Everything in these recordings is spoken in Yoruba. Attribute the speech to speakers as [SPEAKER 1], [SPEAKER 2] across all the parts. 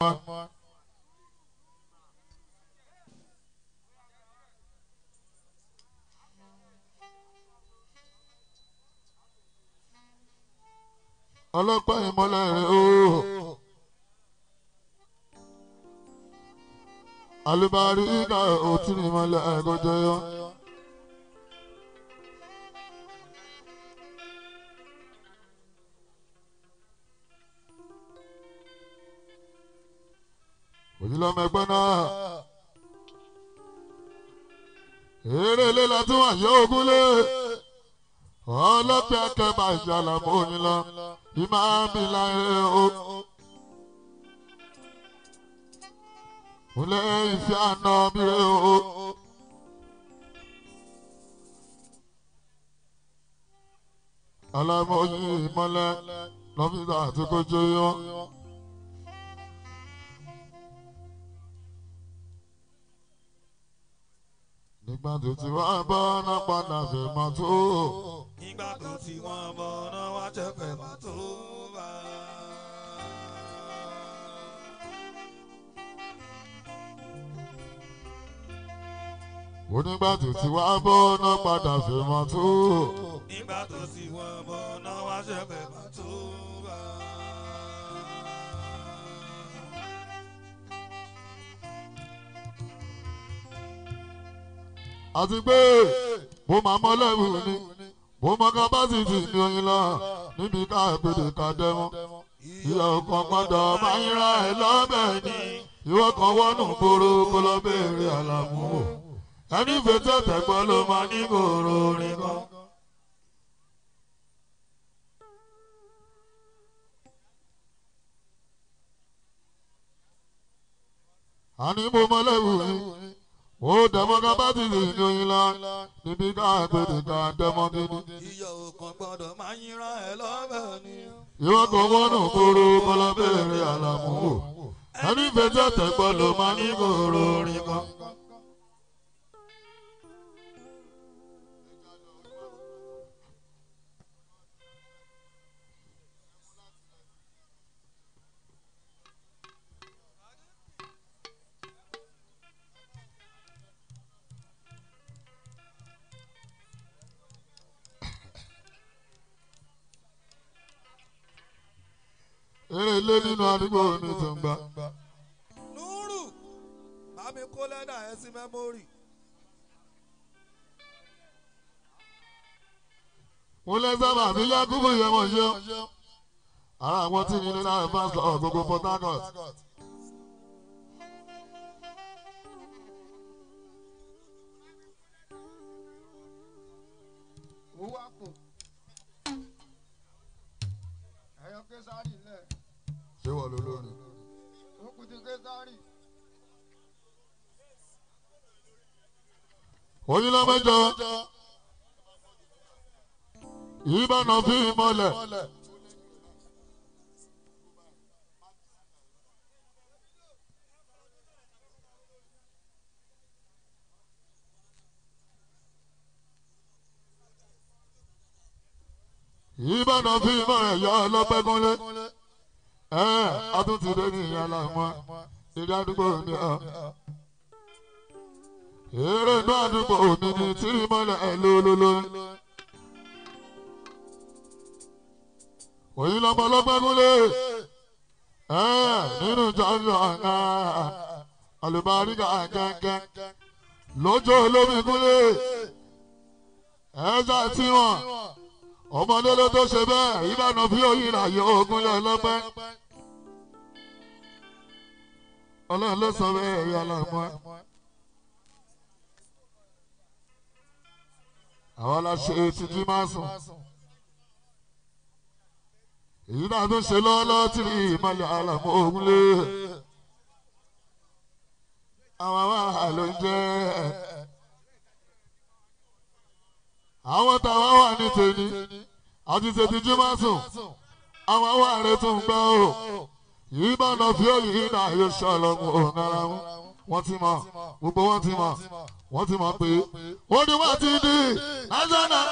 [SPEAKER 1] ọlọ́pàá ìmọ́lẹ̀ rẹ̀ ooo. alubari ina otun ìmọ́lẹ̀ lọ́mọ ẹgbẹ́ náà. eré ilé la tún wà yọ ogún lé ọlọ́pẹ́ akẹ́bà ìṣàlàmù òyìn lọ ìmáàmì láyé o. Ule ìfẹ́ àná mi rè o. Alámọ̀yé ìmọ̀lẹ́ lọ́fíìsì àti kójú yọ. Nígbà tó ti wá bọ́ ná padà fẹ́ má tó.
[SPEAKER 2] Nígbà tó ti wọ́n bọ́ ná wá jẹ́ fẹ́ má tó bá.
[SPEAKER 1] Onígbà tó ti wá bọ́ ná padà fẹ́ má tó.
[SPEAKER 2] Nígbà tó ti wọ́n bọ́ ná wá jẹ́ fẹ́ má tó.
[SPEAKER 1] àti pé mo máa mọ lẹ́wù ni mo mọ kábásìtì ní oyin lọ níbi ká gbèdè ká dẹ́wọ́n ìyá ọkàn padà máa ń ra ẹ lọ́bẹ̀ ni ìwọ kan wọ́nù gbòòrò kó lọ béèrè àlàmú ẹni fètò tẹ̀gbọ́ ló máa ní gbòòrò orin kan. àní mo mọ lẹ́wù ni ó dẹmọ ká bá ti lè yọyin lọ níbi ká àgbèrè ká dẹmọ gidi. iyọ̀ òkan gbọ́dọ̀ máa yíra ẹ lọ́bẹ̀ ni. ìwọ kò wọnú kóró kọlọ bẹ̀rẹ̀ àlàmú wò
[SPEAKER 3] ẹni fẹjọ́ tẹ̀ gbọ́dọ̀ máa ní kóró orin kan.
[SPEAKER 1] eré ilé nínú àdúgbò ní tùǹgbà.
[SPEAKER 2] nùrù bá mi kó lẹ́dà ẹ sí mẹ́mórì.
[SPEAKER 1] mo lẹ́sẹ̀ máa fi yá kúbù yẹn mọ̀ ṣe ara àwọn tí mi ní náà fásitì ọ̀gbogbo Port Harcourt. wọ̀ lólórí. oyin ìbànú fi mọ́lẹ̀. ìbànú fi mọ́lẹ̀ yọ ọ lọ́pẹ́ àtúntì lórí ìyá làmọ ìdí àdúgbò mi ọ. eré inú àdúgbò mi ni tí mọ́lẹ̀ ẹ̀ lólóló. òyìn lọmọ lọ́gbẹ́gúnlé nínú jọ́jọ́ àná àlùbáríkà gángan lọ́jọ́ olómi gúnlé ẹ̀ ṣáà tí wọ́n ọmọdélé tó ṣe bẹ́ẹ̀ ìbánu bí oyin ìràyè ogun lọ lọ́pẹ́. ọlọ́run ló sọ bẹ́ẹ̀ rí ọlọ́mọ. àwọn la ṣe títí máa sùn. èyí náà tún ṣe lọ́ọ́lọ́ọ́ tí rí ìmọ̀lẹ̀ àlàmọ́ ogun lé. àwọn ará ló ń jẹ́ ẹ̀ àwọn tàwa wà ní tèmi àti tètè jí máa sùn àwọn wà rẹ tún gbẹ o yìí bá nà fi òyìn yìí nà yóò ṣàlọ́mù òun ara wọn wọ́n ti mọ̀ gbogbo wọ́n ti mọ̀ wọ́n ti mọ̀ pé ó ní wọ́n ti di ẹ̀jẹ̀ náà.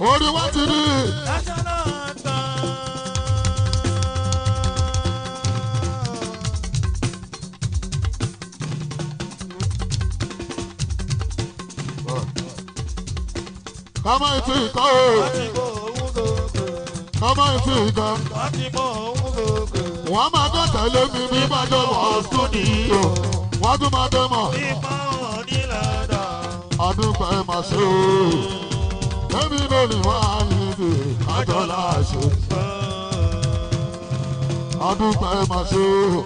[SPEAKER 1] orí wa ti rí. kọ́mọ ìtì ìkọ́ o kọ́mọ ìtì ìkọ́ wọ́n máa dán tẹ̀lé mi bí bá jọ wọ̀ stúdíò wọ́n tún máa dẹ́ mọ̀ ọdún pẹ̀lú màṣẹ́ o ẹbí bẹ́ẹ̀ni wá níbi àjọlá ṣe. adúpẹ́ máa ṣe o.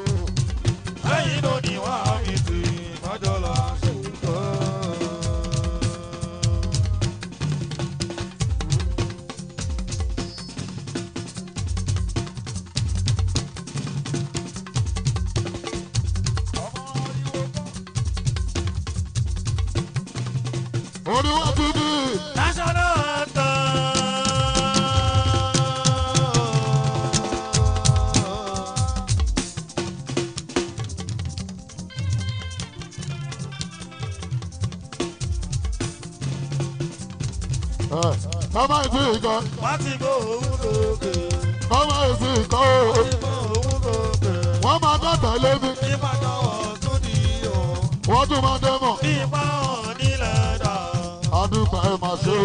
[SPEAKER 1] kan.
[SPEAKER 2] wọ́n ti bó òun lókè.
[SPEAKER 1] kọ́mọ èsì kan o. wọ́n ti máa dàgbà lébi. ìbàdàn o. wọ́n tún máa dẹ́mọ̀. ìbá ọ̀ọ́nì lẹ́dà. adúgbò ẹ̀ máa ṣe o.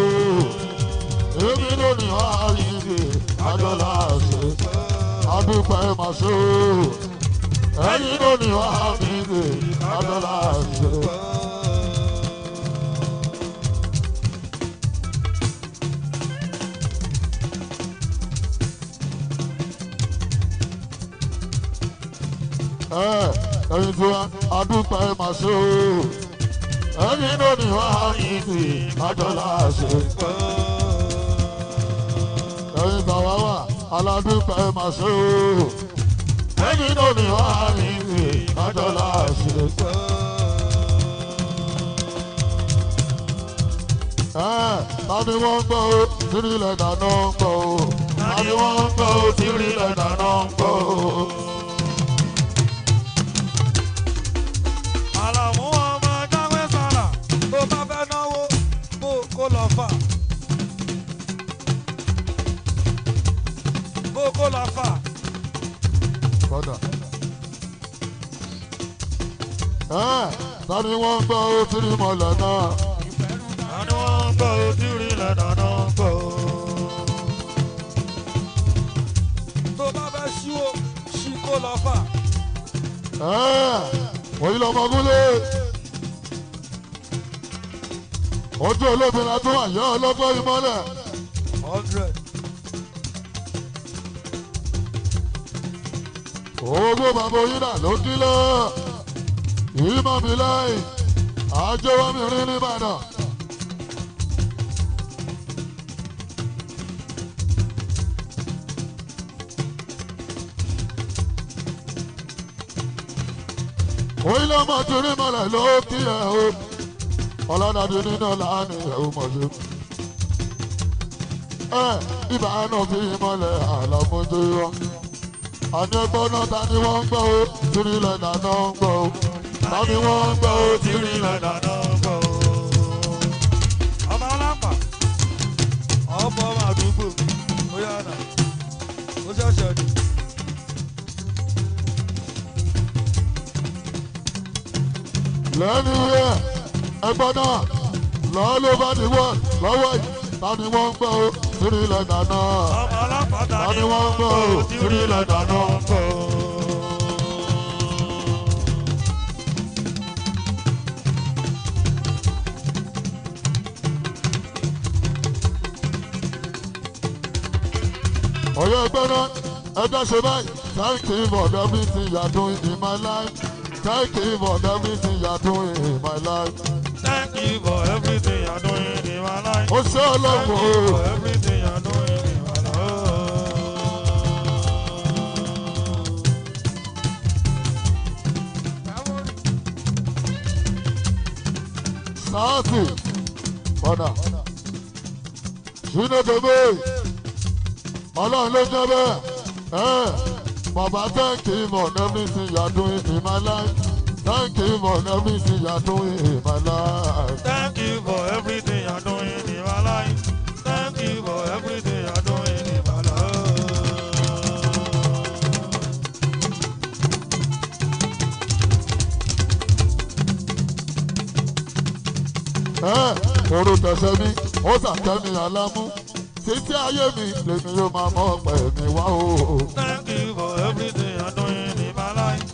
[SPEAKER 1] èmi lónìí wá yíyẹ adọ́là ṣe. adúgbò ẹ̀ máa ṣe o. ẹ̀yin lónìí wá yíyẹ adọ́là ṣe. ẹ̀rìngò adúpẹ́ máa ṣe o. ẹni náà ni wọ́n á yin kì í májọ́lá ṣe. ẹ̀yin bàbá wa aládùpẹ́ máa ṣe o. ẹni náà ni wọ́n á yin kì í májọ́lá ṣe. ẹ̀ tani wọ́n ń gbọ́ o tírí ilẹ̀ dáná ń gbọ́ o tani wọ́n ń gbọ́ o tírí dáná ń gbọ́ o. kó lọ fà. Bọ́dà. Tani wọ́n ń gbọ́ òtírí mọ̀lẹ̀ náà. Tani wọ́n ń gbọ́ òtírí lẹ́nà náà gbọ́.
[SPEAKER 2] Tó bá fẹ́ ṣí o, ṣí kó lọ fà.
[SPEAKER 1] Òyìn lọ́mọ gúnlé. Ojú olóbìnrin adúmọ̀ yọ ọlọ́gbọ́n ìmọ́lẹ̀. owó bàbá oyinà ló dílé ìmọ̀ mi lẹ́yìn àjẹwọ́mìrín nìbàdàn. oyinà mọ̀tìrín mọ̀lẹ̀ ló kí ẹ̀ o ọ̀làdàbí nínú làánì ẹ̀ o mọ̀ sí ẹ̀ ìbànú fi mọ̀lẹ̀ àlàmójú yọ àdégbóná ta ni wọ́n ń gbọ́ ó tìrì lẹ́nà náà ń gbọ́ ó ta ni wọ́n ń gbọ́ ó tìrì lẹ́nà náà ń gbọ́ ó.
[SPEAKER 2] ọmọ alápà ọ̀pọ̀ ọmọ àdúgbò ó yára
[SPEAKER 1] ó ṣẹ̀ṣẹ̀ dùn. lẹ́nu rẹ̀ ẹgbẹ́ náà lọ́ọ́ ló bá ti wọ̀ lọ́wọ́ yìí ta ni wọ́n ń gbọ́ ó tìrì lẹ́nà náà tani wọ́n ń gbọ́ torí lọ́dà náà ń bọ̀. ọ̀yọ́ gbọ́ná ẹgbẹ́ ṣe báyìí thank you for everything you doing in my life thank you for everything you doing in my life. thank you for everything you doing in my life. ó ṣe ọlọ́run Naku bọ̀dà ṣúná bèbè ọlọ́run ló jẹ́ bẹ́ẹ̀ bàbá thank you for everything you are doing in my life thank you for everything you are doing in my life. thank you for everything you doing. oró tẹsẹ̀ mi ó sàtẹ́mi alámú títí ayé mi lèmi yóò máa mọ ọpẹ́ mi wá o. Thank you for everything you're doing in my life.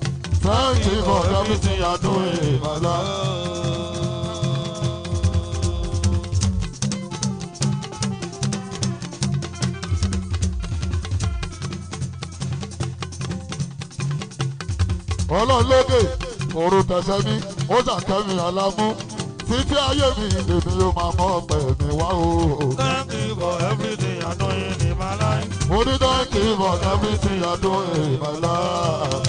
[SPEAKER 1] Thank you for everything you're doing in my life. ọlọ́run lóde òru tẹ̀sẹ̀ mi ó ṣàkẹ́mi alámú títí ayé mi lèmi yóò máa mọ ọpẹ́ mi wá o. thank you for everything I do in my life. mo ní thank you for everything I do in my life.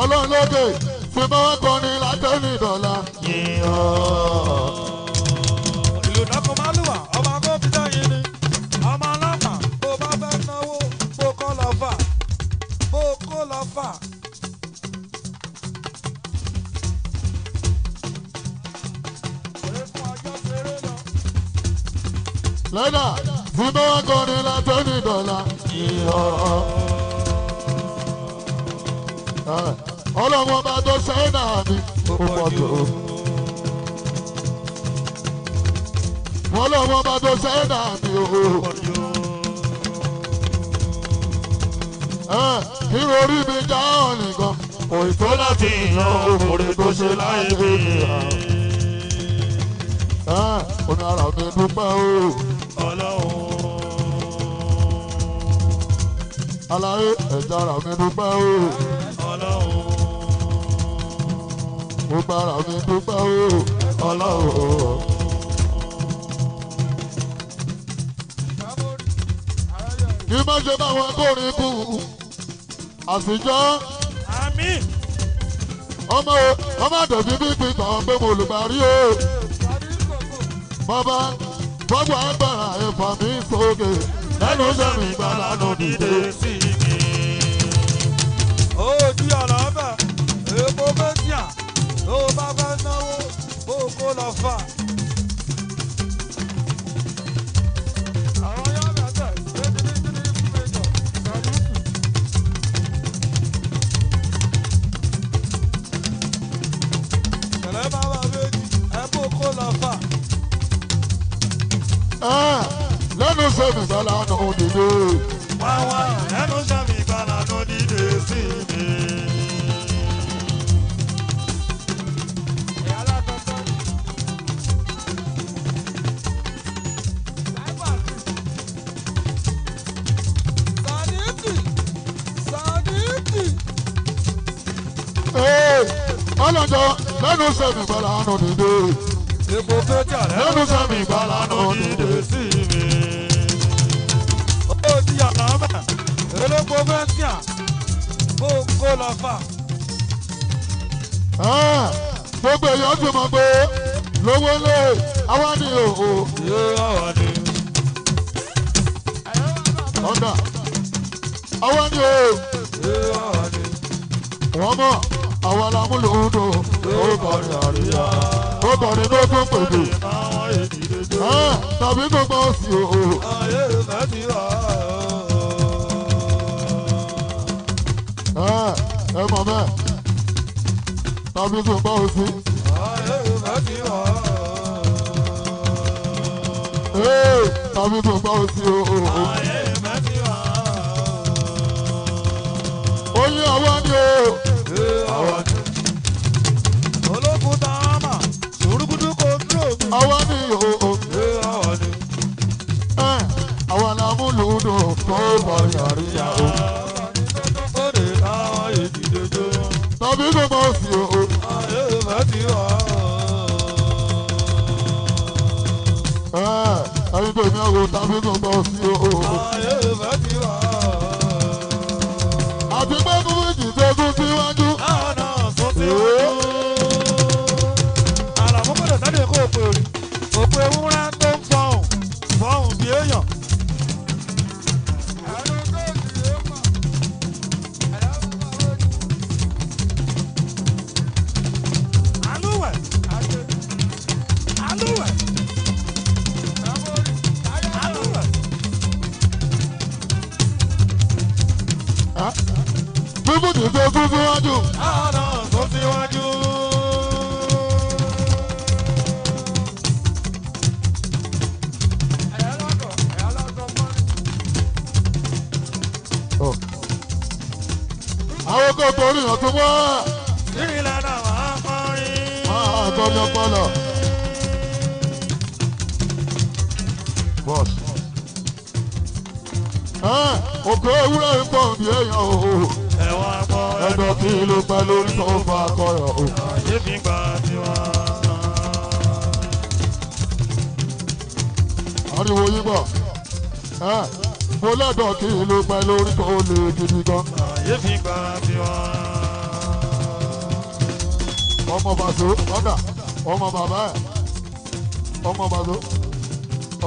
[SPEAKER 1] ọlọ́run lókè fi mọ́ ọkùnrin látẹ́lì dọ́là. ìlú nàkó málùwà ọmọ akó bíjá yìí ni ọmọ alápà
[SPEAKER 2] bó bá fẹ́ náwó bó kọ́ lọ fà bó kó lọ fà.
[SPEAKER 1] lọ́dà fún tó wá kọrin látọ́ ní dọ́là. ọlọ́run ọba tó ṣẹ́yìnà mi ó pọ̀ jù. ọlọ́run ọba tó ṣẹ́yìnà mi ó pọ̀ jù. Ah, irú orí mi já ọ̀ nìkan. Òyìn tó láti yan òmùrè tó ṣe láì bí ìhà. Ọ̀nà ara mi dúpẹ́ o. aláyé ẹ̀jára mi dúpẹ́ o. ọlọ́run. mo gbára mi dúpẹ́ o. ọlọ́run. kí má ṣe báwọn akórin kù àsìjọ́. àmín. ọmọ ọmọ àdọ̀bí bí pípọ̀ pé mo lùgbàrí o. bàbá bọ́bọ̀ agbára ẹ̀fà mi sókè lẹ́nu sẹ́mi ìgbàlá ló
[SPEAKER 2] dìde sí mi. ojú ọ̀nà ọ̀fẹ́ èpo mẹ́tíà tó bá fẹ́ náwó kó kó lọ fà.
[SPEAKER 1] tó ń dìde. wàwà ẹnu sàmì ìgbàlà ló dìde sí mi. ọlọ́jọ́ lẹ́nu sẹ́mi ìgbàlà ló dìde. epo fẹ́ jà lẹ́nu sẹ́mi ìgbàlà ló
[SPEAKER 2] dìde sí mi. gbogbo gbogbo lọ́fà.
[SPEAKER 1] Ah, gbogbo èèyàn ti mọ̀ pé lówó lé àwa ni òhò. ọ̀dà àwa ni òhò. wọ́n mọ̀ àwa la mú lòun ó kọrin àríyá. ó kọrin ló tó pèbè. Ah, tàbí gbogbo òsì òhò. mi tó bá o sí. Yorùbá ti wọ̀ ọ́. Tàbí tó bá o sí o. Yorùbá ti wọ̀ ọ́. Ó ní ọwọ́ ni o. Ọwọ́ ni. Olókùn tá ṣòrúkúdú kò dúró. Ọwọ́ ni o. Ọwọ́ ni. Àwọn tó bọ̀ yàrá yàrá. Tàbí tó bá o sí. ayédèmí ọ̀rọ̀ tàbí gbọ̀ngàn sí o. ayé ìfẹ́ ti àti pé kúrìjì tó kún síwájú. náà náà sọ sí wájú. síwájú.
[SPEAKER 2] ọ̀nà tó síwájú.
[SPEAKER 1] àwọn ọkọ̀ ìpòrí yàn tó wá. ìrìnlẹ́nà máa ń kọrin. máa gbọ́dọ̀ gbọ́dọ̀. bọ́ọ̀sì. ẹ òkè ewúrẹ́ ń pọ̀ ní èèyàn o kí ló pẹ́ lórí tó fa akọ̀rọ̀ o. àyè fi gbà tiwa. ariwo yín bọ̀ mo lọ́dọ̀ kí pẹ́ lórí tó lè gidi gan. àyè fi gbà tiwa. ọmọ bàtò ọ̀dà ọmọ bàbá ẹ̀ ọmọ bàtò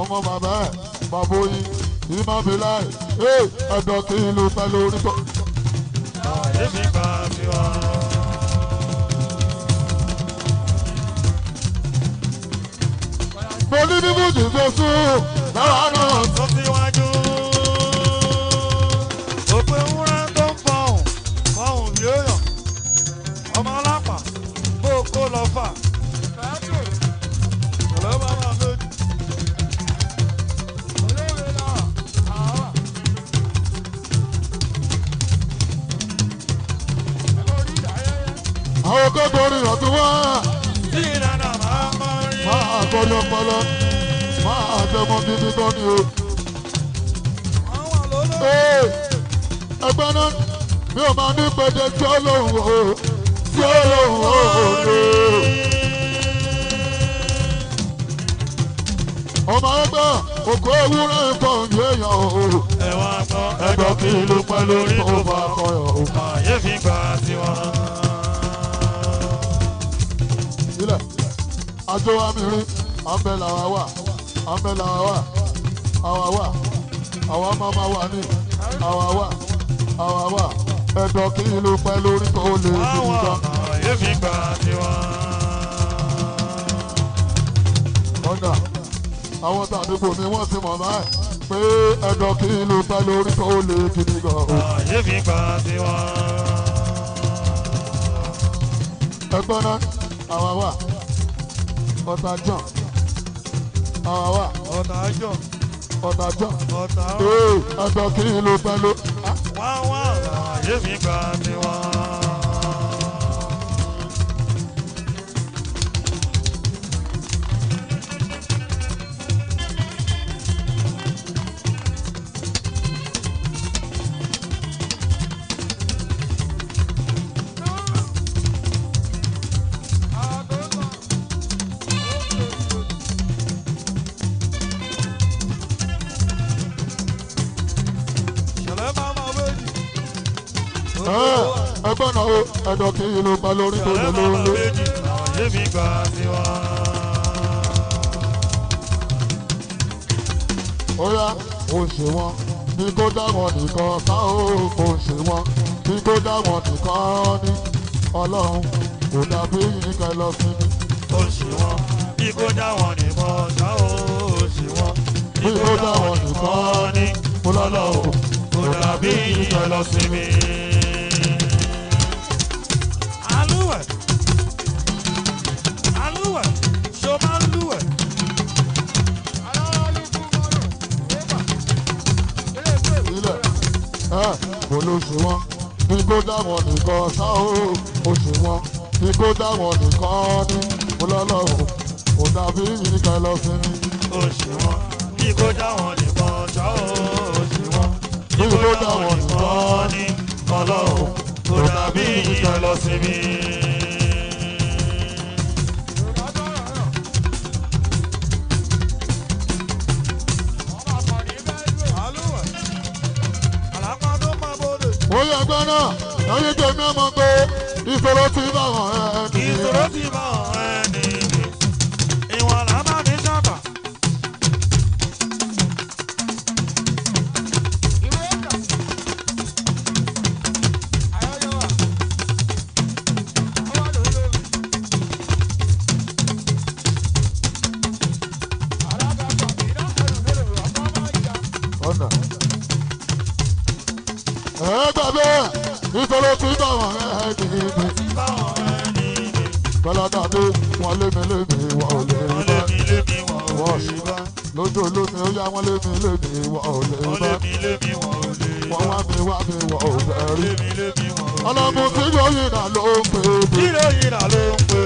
[SPEAKER 1] ọmọ bàbá ẹ̀ bàbá oyin ìmọ̀ mi láì ẹ̀dọ̀ kí pẹ́ lórí tó. mo ní bíbú dìbò sùn lọ́wọ́ náà tó síwájú. gidi gan ni o. ẹgbẹ́ náà mi ò máa ní pẹ̀jẹ́ tí ó lòun o tí ó lòun o ni. ọmọ ẹgbẹ́ òkú ewúrẹ́ ìfọ̀ yé èèyàn o. ẹ̀wọ̀n àgbọ̀ ẹ̀gbọ́ kí ló pẹ́ lórí tó bá kọyọ̀ o. ààyè fi gbà tiwọn. ilẹ̀ àjọ amìrin àbẹ̀là wa wà àmbẹ̀ là wà àwa wa àwa máma wà ní àwa wà àwa wà ẹ̀dọ̀ kí ìlú pẹ́ lórí kò lè fi gbà. àwọn èmi gbà tiwa. kọ́ńdà àwọn tàdúgbò ni wọ́n ti mọ̀ báyìí pé ẹ̀dọ̀ kí ìlú pẹ́ lórí kò lè fi gbà. àwọn èmi gbà wa. ẹgbọ́n náà àwa wà bọ́tà john àwa ọ̀tàjọ́ ọ̀tàjọ́ ọ̀tàjọ́ ẹ̀ẹ́dọ̀kì ló pẹ́ ló.
[SPEAKER 2] wá wá àlàyé mi gbà mí wá.
[SPEAKER 1] dandan kí inú bá lórí tó lè lórí. ó yá ó ṣe wọn bí kò dáwọn nìkan ká ó kò ṣe wọn bí kò dáwọn nìkan ní ọlọ́run kò dàbí nìkan lọ sí mi. ó ṣe wọn bí kò dáwọn nìkan ká ó ṣe wọn bí kò dáwọn nìkan ní ọlọ́run kò dàbí
[SPEAKER 2] nìkan lọ sí mi.
[SPEAKER 1] táwọn nìkan sá o òṣùwọ̀n ni kó táwọn nìkan ní mo lọ́lọ́run kò dàbí yìí ká lọ sí mi. òṣùwọ̀n ni kó táwọn nìkan sá o òṣùwọ̀n ni kó táwọn
[SPEAKER 2] nìkan ní ọlọ́run kò dàbí yìí ká lọ sí mi.
[SPEAKER 1] ayé tèmi ọmọ pé ìṣòro ti bá wọn ẹ nìyẹn. ìṣòro ti ìtòló ti táwọn ẹni ìgbè. Gbọ́ládàdé wọn lémi lémi wọn ò lè bá. Wọ́n ṣì bá. Lójú olómi ó yá wọn lémi lémi wọn ò lè bá. Wọ́n wá mi wá mi wọ́n ò fẹ́ rí. Ọlọ́mú tí lóyìn náà ló ń pè é. Tí lóyìn náà ló ń pè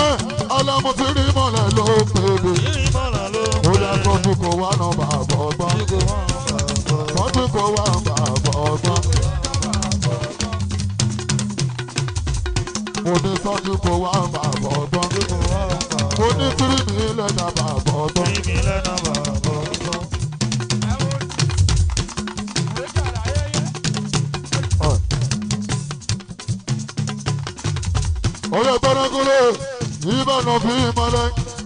[SPEAKER 1] é. ọlọ́mọ ti rí mọ́tò kò wá náà bàbá ọgbọ́n mọ́tò kò wá bàbá ọgbọ́n. mo ní sọ́jú kò wá bàbá ọgbọ́n mo ní tírìmì lẹ́nà bàbá ọgbọ́n.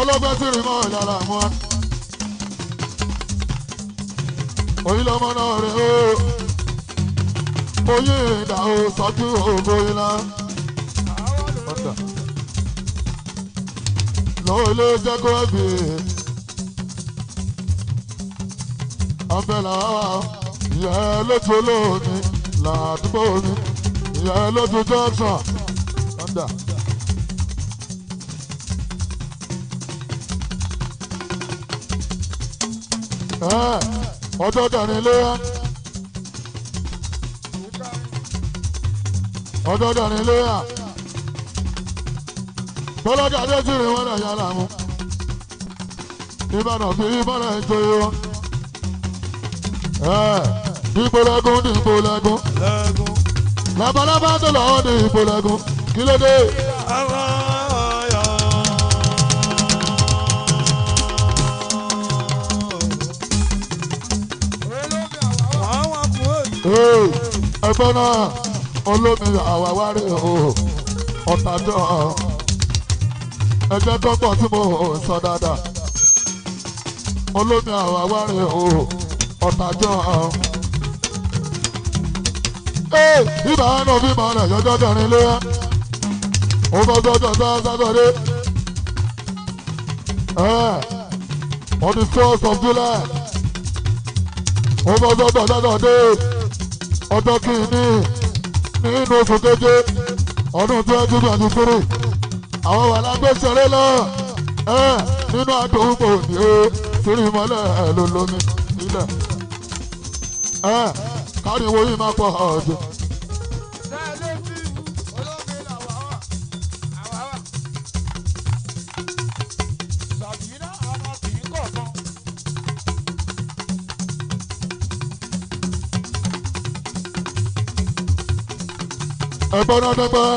[SPEAKER 1] ọlọ́gbẹ́ tí rìn mọ́ ìlànà àwọn. oyin lọmọ náà rè ó oyin ìdá o sọjú ògo iná. lọ́wọ́ ilé jẹ́ kó ẹ̀bì ọbẹ̀ làwọn ìyá ẹ lójú olóòní làdúgbò mi ìyá ẹ lójú Johnson. Ah, ọjọ́ dání léyà ọjọ́ dání léyà tọ́lọ́jà méjì rìn wọ́n náà yára mu ìbàdàn fi ìbàdàn ń joyè wọn. Eh, ìpolẹ́gùn ní ìpolẹ́gùn labalábá tó lọ́wọ́ ní ìpolẹ́gùn kí ló dé. ẹgbẹ́ náà olómi àwáwárí o ọ̀tàjọ́ ẹgbẹ́ tó pọ̀ tí mo sọ dáadáa olómi àwáwárí o ọ̀tàjọ́ ibà ẹnu bí màá rẹ̀ yọjọ́ dẹ̀rin léyà ó bọ́ dọ́jọ́ sátọ́dé on the first of July ó bọ́ dọ́jọ́ sátọ́dé. ọjọ́ ní nínú oṣù keje ọdún twenty twenty three àwọn wà lágbèsèré lọ nínú àdóńgbò ní o sírí mọ́lẹ̀ ẹ ló lómi nílẹ̀ ẹ káríwó yìí máa pọ̀ ọ̀dùn. ẹ̀gbọ́n náà dọ́gbọ́n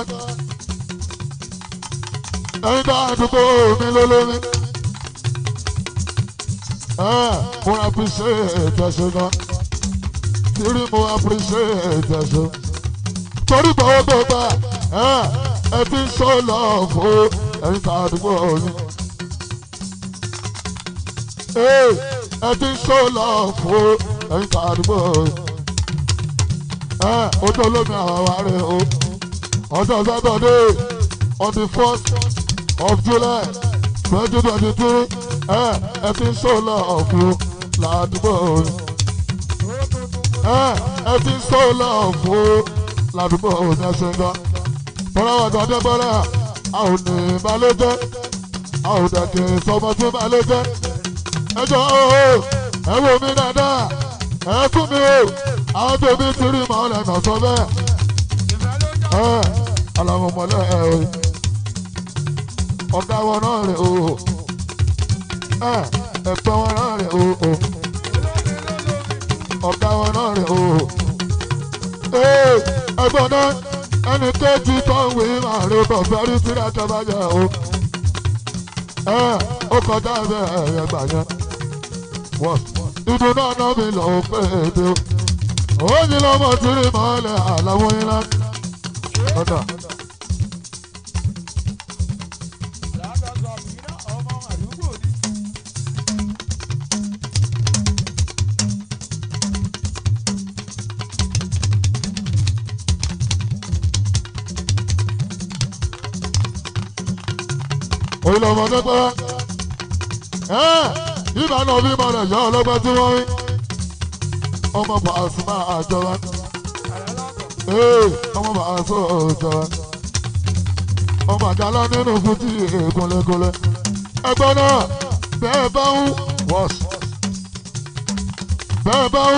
[SPEAKER 1] ẹ̀yin tó àdúgbò mi lólórí mo appreciate ẹ̀sùn náà kiri mo appreciate ẹ̀sùn torí bọ́wọ́ gbọ́gbà ẹ fi ń sọ lọ́ọ̀fù ẹ̀yin tó àdúgbò mi ẹ fi ń sọ lọ́ọ̀fù ẹ̀yin tó àdúgbò mi ojú olómi àwọn wa rè o ọjọ́ Saturday on the first of July twenty twenty three ẹ ẹ ti ń sọ̀lá ọ̀fun ládùúgbò ẹ ẹ ti ń sọ̀lá ọ̀fun ládùúgbò ọ̀sẹ̀ ṣẹ́ńgá bọ́láwà tó dé bọ́lá a ò ní balẹ̀-jẹ́ a ò dẹ̀kẹ́ sọmọ tí balẹ̀-jẹ́ ẹ jọ o ẹ wò mí dáadáa ẹ fún mi o àwọn tóbi ti rí màá lẹ́nu sọ bẹ́ẹ̀ aláwọ̀ mọ́lẹ̀ ẹ̀ o ọ̀gá wọn náà rẹ̀ o ẹ̀gbọ́n wọn náà rẹ̀ o ọ̀gá wọn náà rẹ̀ o ẹ̀gbọ́n náà ẹni kéjì tó ń wí máa rí bọ̀ fẹ́rí yẹ o ó kọjá bẹ́ ẹ̀yẹ gbà yẹn ìdùnnú ọ̀nà mi lọ́ọ́ pé èdè o ó ní lọ́mọ tí rí mọ́lẹ̀ àlàwọ̀ yín láti. èyí lọ́mọ dẹ́gbẹ́ yíba náà bí mo rẹ̀ yọ ọlọ́gbọ́n tí wọ́n rí ọmọ Pasuma àjọra ọmọ Pasuma àjọra ọmọ àjàlá nínú fújì ègúnlẹ́gúnlẹ́ ẹgbẹ́ náà bẹ́ẹ̀ bá ń wọ́ọ̀sì bẹ́ẹ̀ bá ń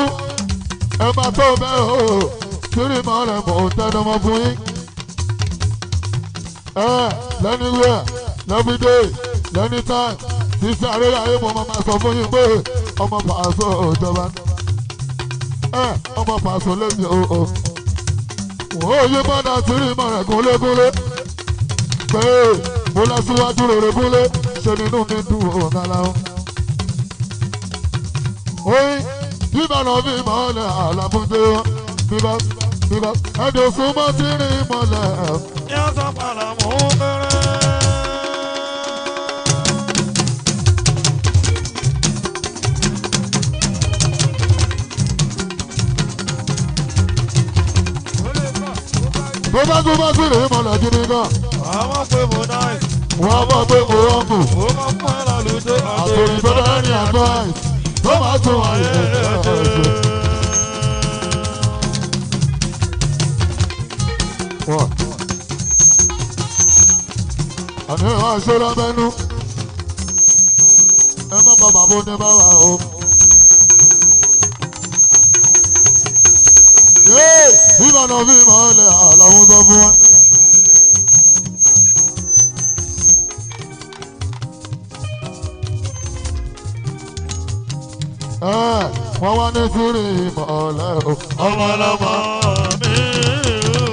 [SPEAKER 1] ẹ máa tó bẹ́ẹ̀ o kiri mọ́ rẹ̀ mọ̀ ń tẹnumọ́ fún yín lẹ́nu wíwẹ̀ lẹ́mí dé lẹ́ní tán sísẹ́ àríyá ayé mo máa sọ fún yín pé ọmọ pàṣọ òjọba ẹ ọmọ pàṣọ lẹ́yìn o. wọ́n ò yí padà sí rí ìmọ̀ rẹ̀ gúnlégúnlé pé mo lọ síwájú rere gúnlé ṣe nínú mi dùn òun aláwọ̀. oyin bíbá lọ bí ìmọ̀lẹ̀ àlàbùdé wọn bíbá bíbá ẹ̀dùn súnmọ́ sí rí ìmọ̀lẹ̀.
[SPEAKER 2] yóò sọ padà mú kéré.
[SPEAKER 1] bó bá gbé bá gbé lèyí mọ̀ lọ gidi gan. wàá mọ̀ pé mo náà. wàá mọ̀ pé mo rọ́ọ̀mù. ó máa fún ẹ lálùjọ àtòrí bọ́dá ní advice. ó máa tún àyè ẹ̀jẹ̀ ẹ̀jẹ̀. àní ìwà ìṣòro mẹ́nu ẹ má pa bàbá oníbàbà o. ọ̀nà bí mọ́lẹ̀ àlàún sọ fún wa. Eh, wọ́n wá ní sórí ìmọ̀lẹ́ o. ọmọlọmọ mi o.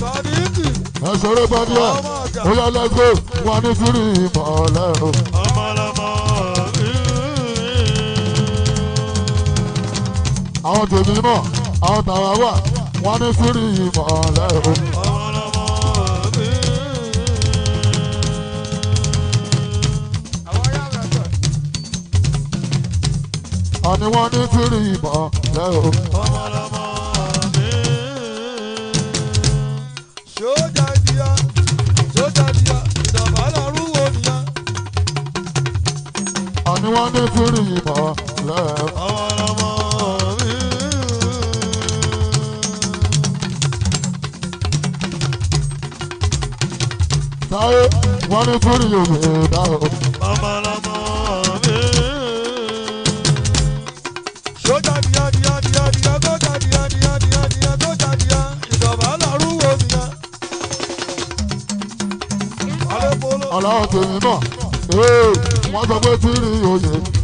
[SPEAKER 1] sadiqi. ẹ sọ̀rọ̀ gbàdúrà ó yá lẹ́gbẹ̀ẹ́ wọ́n wá ní sórí ìmọ̀lẹ́ o. àwọn tèmi mọ̀ àwọn tàwa wà wọ́n ní sórí ìmọ̀lẹ́ o. àní wọ́n ní sórí ìmọ̀lẹ́ o. sójà ìdíyà sójà ìdíyà ìjọba ọlọ́run wo nìyà. àní wọ́n ní sórí ìmọ̀lẹ́ o. ní fúri omi ẹ̀dá o. mama eh. lọmọ mi.
[SPEAKER 2] sójà díá díá díá díá sójà díá díá díá díá sójà díá ìjọba làrúwò díá. aláwọ̀
[SPEAKER 1] tèmi náà wọ́n sọ pé fúri oyè.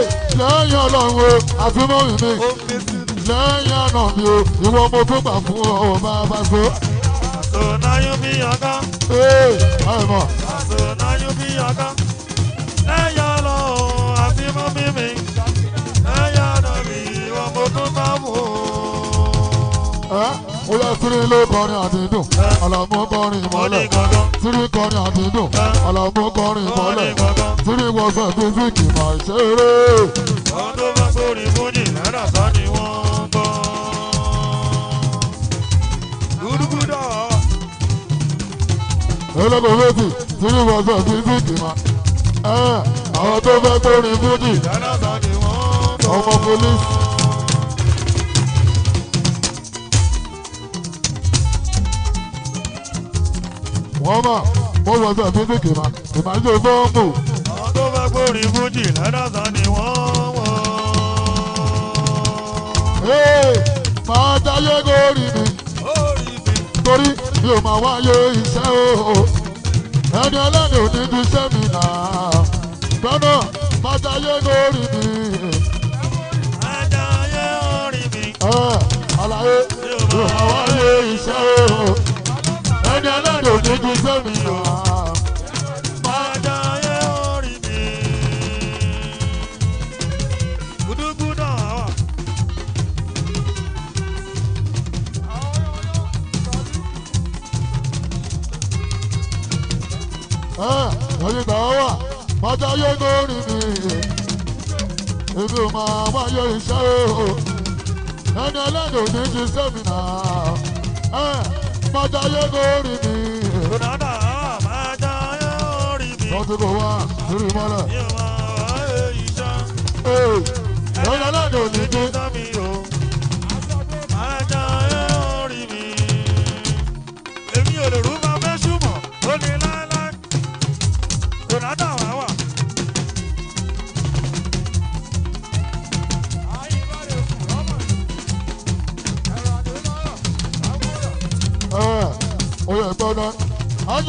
[SPEAKER 1] lẹ́yìn ọlọ́run o àfimọ́yìn mi lẹ́yìn ọ̀nà mi o ìwọ mo tó gbà fún ọ bàbá so. àsọ̀nà yóò bí ọ̀gá. ee àìmọ̀.
[SPEAKER 2] àsọ̀nà yóò bí ọ̀gá. lẹ́yìn ọlọ́run àfimọ́yìn mi lẹ́yìn ọ̀nà mi ìwọ mo tó gbà fún
[SPEAKER 1] ọ ó yẹ sírí ló kọrin àti dùn àlàmú kọrin ìmọ́lẹ̀ sírí kọrin àti dùn àlàmú kọrin ìmọ́lẹ̀ sírí wọ́sẹ̀ físíkì máa ṣeré. àwọn tó
[SPEAKER 3] bá sórí fújì náírà sá ni wọ́n ń bọ́.
[SPEAKER 1] gúdúgúdọ̀. ẹlẹ́gbẹ̀ẹ́ méjì sírí wọ́sẹ̀ físíkì máa ẹ̀ àwọn tó bá sórí fújì náírà sá ni wọ́n ń ọmọ polisi. wọ́n mọ̀ sọ fún kékeré ma ìmọ̀lẹ́ tó ń bò.
[SPEAKER 2] àwọn tó fẹ́ kórìí fújì lẹ́dàsán ni wọ́n wọ̀.
[SPEAKER 1] máa dáyé lórí mi torí mi ò máa wáyé iṣẹ́ o ẹni ẹlẹ́ni ò ní ju iṣẹ́ mi nà gbọ́dọ̀ máa dáyé lórí mi. máa dáyé lórí mi. àlàyé mi ò máa wáyé iṣẹ́ o. Fada lọ́dọ̀ dojú sómi o. mi.
[SPEAKER 2] Gúdúgbú náà wà. Ẹ ẹ̀yin
[SPEAKER 1] kan wà, Fada mi. Ebi ò máa wáyé iṣẹ́ o. Ẹni májáyé lórí mi. Ronaldo májáyé lórí mi. Wọ́n ti kò wá lórí mọ́lẹ̀. Ìwọ̀n ìṣàn. Ẹ̀yìn náà ni ò ní dín.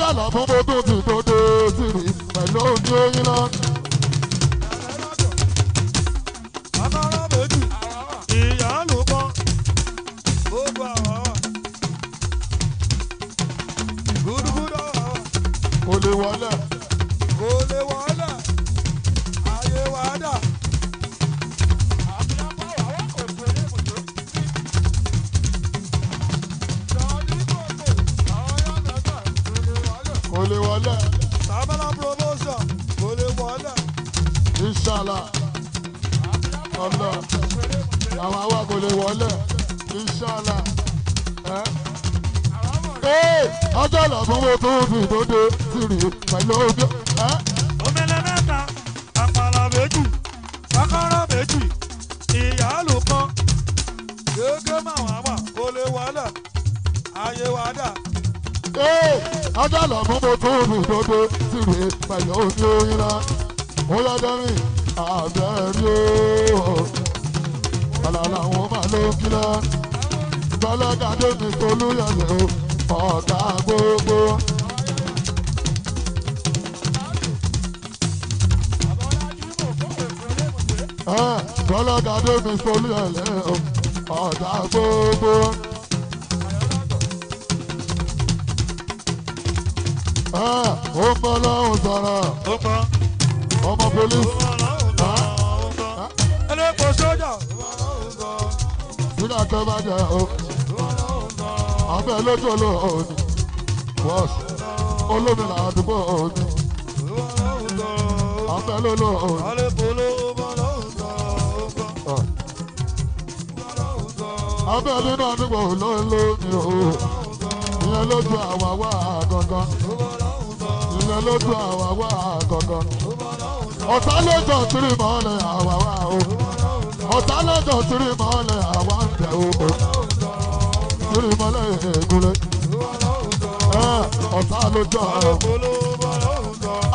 [SPEAKER 1] gbàlà mú mo tún ti tó dé sí i pẹ̀lú ojú eyín lọ́nà. tọ́lọ́gà davis olúyẹ̀lẹ̀ ọ̀tá gbogbo. ó ń bọ́ lọ́hùn sọ̀rọ̀ ọmọ polisi. ẹlẹ́pọ̀ sójà. sígá tẹ́ bá jẹ o. abẹ́ lójú olóòní bọ́ọ̀sì olómìnira àdúgbò òní abẹ́ lólóòní. abẹ́lé náà nígbà olóńlé mi o ìyẹn lójú àwa wà gangan ìyẹn lójú àwa wà gangan ọ̀tá lójọ tìrì mọ́lẹ̀ àwa wà o ọ̀tá lójọ tìrì mọ́lẹ̀ àwa ń
[SPEAKER 3] bẹ̀ o
[SPEAKER 1] tìrì mọ́lẹ̀ ègúnlẹ̀ ọ̀tá lójọ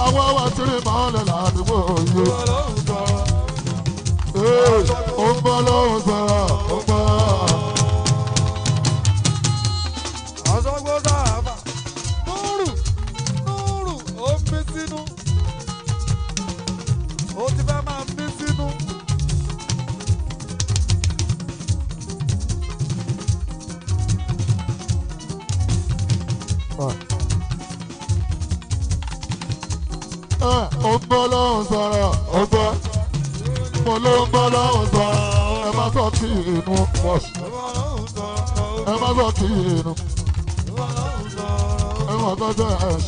[SPEAKER 1] àwa wà tìrì mọ́lẹ̀ làdúgbò yìí ó ń bọ́ lọ́wọ́ sọ̀rọ̀ ó ń bọ́.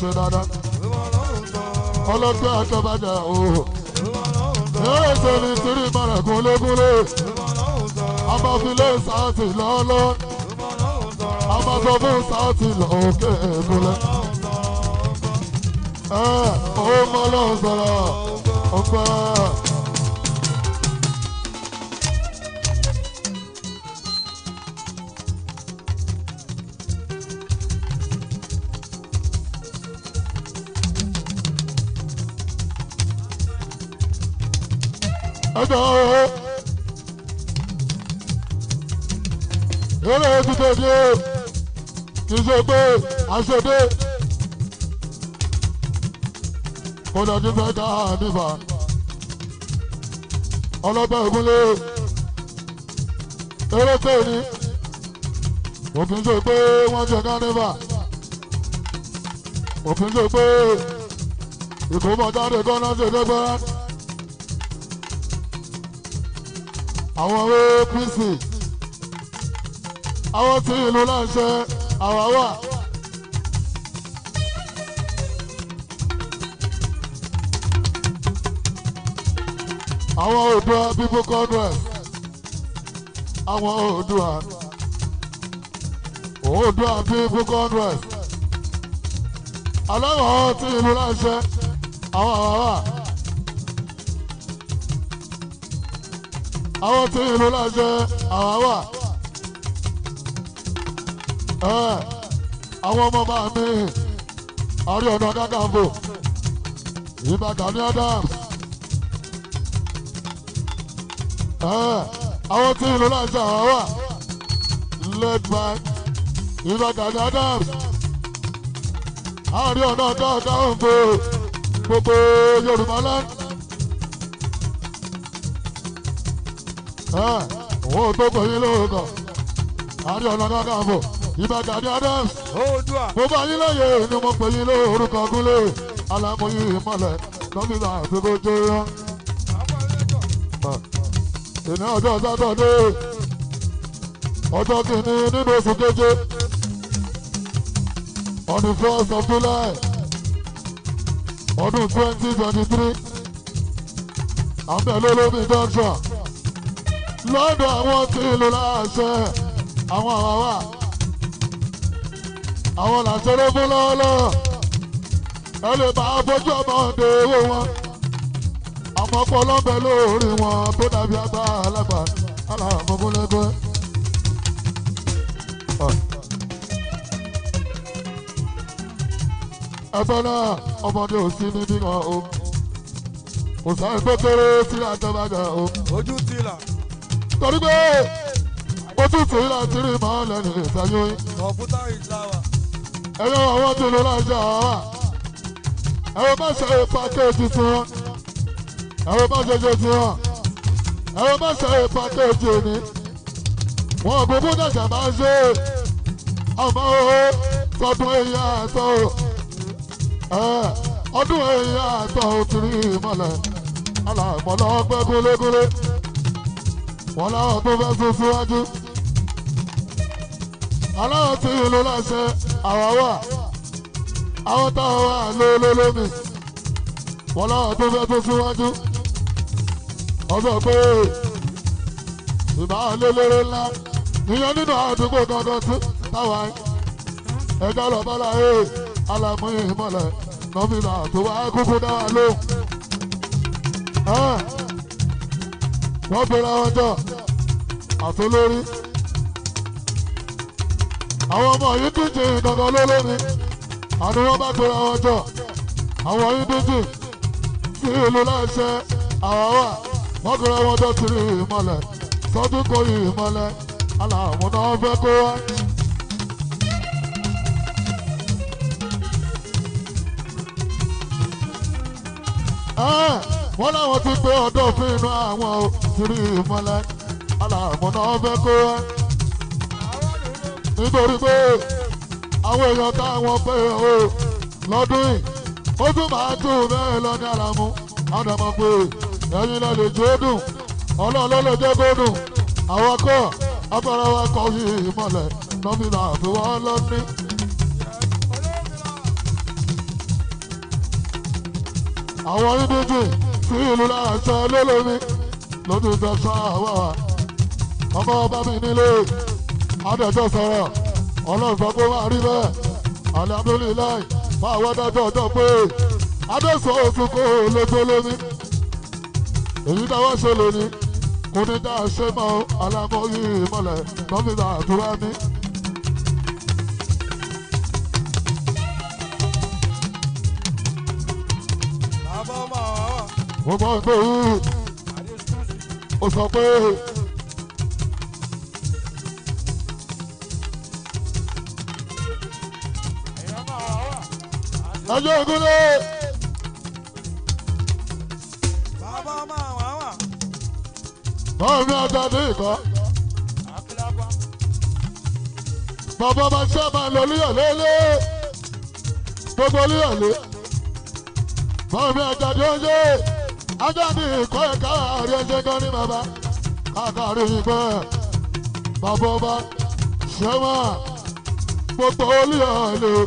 [SPEAKER 1] ṣe dáadáa. ọlọ́gbẹ́ àtọ́bàjà o. yóò ṣe ní sírí ìmọ̀ràn gúnlégúnlé. amọ̀filẹ̀ sáàtì lọ́ọ́lọ́. amọ̀sọ̀fún sáàtì lọ́ọ́kẹ́ ẹ̀kúnlẹ̀. ẹ ọmọ ọlọ́run sọ̀rọ̀ ọ̀pẹ́. bọ̀ o. eré ti tèmi o kì í ṣe pé àṣebé kò lọ ní fẹ́ẹ́ ká nífà ọlọ́pàá ìmúlẹ̀ eré tèmi òfin sọ pé wọ́n ṣe ká nífà òfin sọ pé ìkómọ̀tá rẹ̀ kọ́ ṣe lẹ́gbẹ̀ẹ́. àwọn APC àwọn tí ìlú láṣẹ àwa wà. àwọn Oòduà people congress àwọn Oòduà Oòduà people congress aláwọ̀ tí ìlú láṣẹ àwọn àwa wà. àwọn tí ìlú láṣẹ àwọn wà. àwọn ọmọ bá mi Ààrẹ Ọ̀nà Kakanfò Ìbàdàn ní Adams. àwọn tí ìlú láṣẹ àwọn wà. led by Ìbàdàn ní Adams. Ààrẹ Ọ̀nà Kakanfò gbogbo Yorùbá land. òun ò tó kò yín lóòótọ́ àrí ọ̀nà kankan bò Ìbà Adams mo bá yín lóye ni mo pè yín lórúkọ gúnlé alámúyí ìmọ̀lẹ̀ lọ́mídà àfikún tó ìní ọjọ́ sátọ̀dé ọjọ́ kìíní nínú oṣù keje on the first of July ọdún twenty twenty three àbẹ̀lólómi junction lọ́dọ̀ àwọn tí ìlú láṣẹ àwọn àwàwà àwọn làṣẹrẹ fún lọ́wọ́lọ́wọ́ ẹ lè bá fojú ọmọ òde owó wọn àmọ́ pọlọ́bẹ lórí wọn tó dàbí agbá alágbà aláàmúgúnlẹ́gbẹ́. ẹgbẹ́ náà ọmọdé ò sí níbí kan o kò sáré tó kéré sílẹ̀ àjọba gan o. ojú tìlà torí pé òtútù yìí láti rí màá lẹ́nu ìsáyé.
[SPEAKER 2] kọ̀ǹpútà ìjìláwà.
[SPEAKER 1] ẹ̀rọ àwọn tó lọ láìjà wà. ẹ̀rọ bá ṣe pàkéèjì sí wọn. ẹ̀rọ bá ṣe ṣe sí wọn. ẹ̀rọ bá ṣe pàkéèjì òní. wọn ò gbogbo dàgbà máa ń ṣe é. àmọ́ ọdún ẹ̀yà àtọ̀ ọdún ẹ̀yà àtọ̀ òtún rí ìmọ̀lẹ̀ alàmọ́lá ọgbẹ́ gúlégúlé wọn láwọn tó fẹ́ sún síwájú aláwọ̀ tí ìlú láṣẹ àwa wà àwọn táwọn wà lólólómi wọn láwọn tó fẹ́ sún síwájú ọgbọ́n pé ìbáwọléléré ńlá ìyẹn nínú àdúgbò dandan tí táwọn ẹjọ́ lọ́bọ́lá ẹ̀ alámúyìn ìmọ̀lẹ̀ nọ́mìnà tó wá kúkú dáwà lóhùn wọ́n fẹ́ra wọn jọ àtolórí àwọn ọmọ yìí tún jẹ ìdàgbà lólórí
[SPEAKER 3] àni wọ́n bá fẹ́ra wọn jọ
[SPEAKER 1] àwọn yìí tún jẹ sí ìlú láìṣẹ àwáwà wọ́n fẹ́ra wọn jọ kiri ìmọ̀lẹ̀ sọ́dún kò yí ìmọ̀lẹ̀ aláwọn náà fẹ́ kó wá. Ah! wọ́n láwọn ti pé ọdọ́ fínú àwọn òṣèré ìmọ̀lẹ́ alàmọ́ náà fẹ́ kó ẹ. nítorí pé àwọn èèyàn táwọn pé o lọ́dún yìí ó tún máa tún bẹ́ẹ̀ lọ ní àlàmú àdàmọ̀ pé ẹ̀yin lè lè jó dùn ọlọ́run ló lè jẹ́ kó dùn àwọn kọ́ afárá kọ́ yìí ìmọ̀lẹ̀ nọ́mìnà àfiwọ́ lọ́dún. àwọn onídìí sí ìlú làṣà lólómi lójú tẹ̀sán àwa wa ọmọ ọba mi nílé adẹ́jọ́ sọ̀rọ̀ ọlọ́sọ̀ kó wá rí bẹ́ẹ̀ alihamudulilayi máa wọ́n dájọ́ ọjọ́ pé adẹ́sọ̀ oṣù kò lójó lómi èyí dáwọ́ ṣe lónìí kò ní dá ṣe mọ́ alámọ́yé ìmọ̀lẹ̀ lọ́mìnira àtúrà ní. mo gbọ́ pé ó sọ pé. ọjọ́ ogun lé. bàbá máa wà wà. báwo ni ọjà ní ìkọ́. bàbá máa ṣe máa lọ líyànlé lé. gbogbo líyànlé. báwo ni ọjà ní ọjọ́ ajáde ìkọ́ ẹ̀ka àrí ẹ̀jẹ̀ gan ní bàbá káàkiri ìgbẹ́ bàbá ọba ṣẹ́wà gbogbo olè ọ̀lẹ́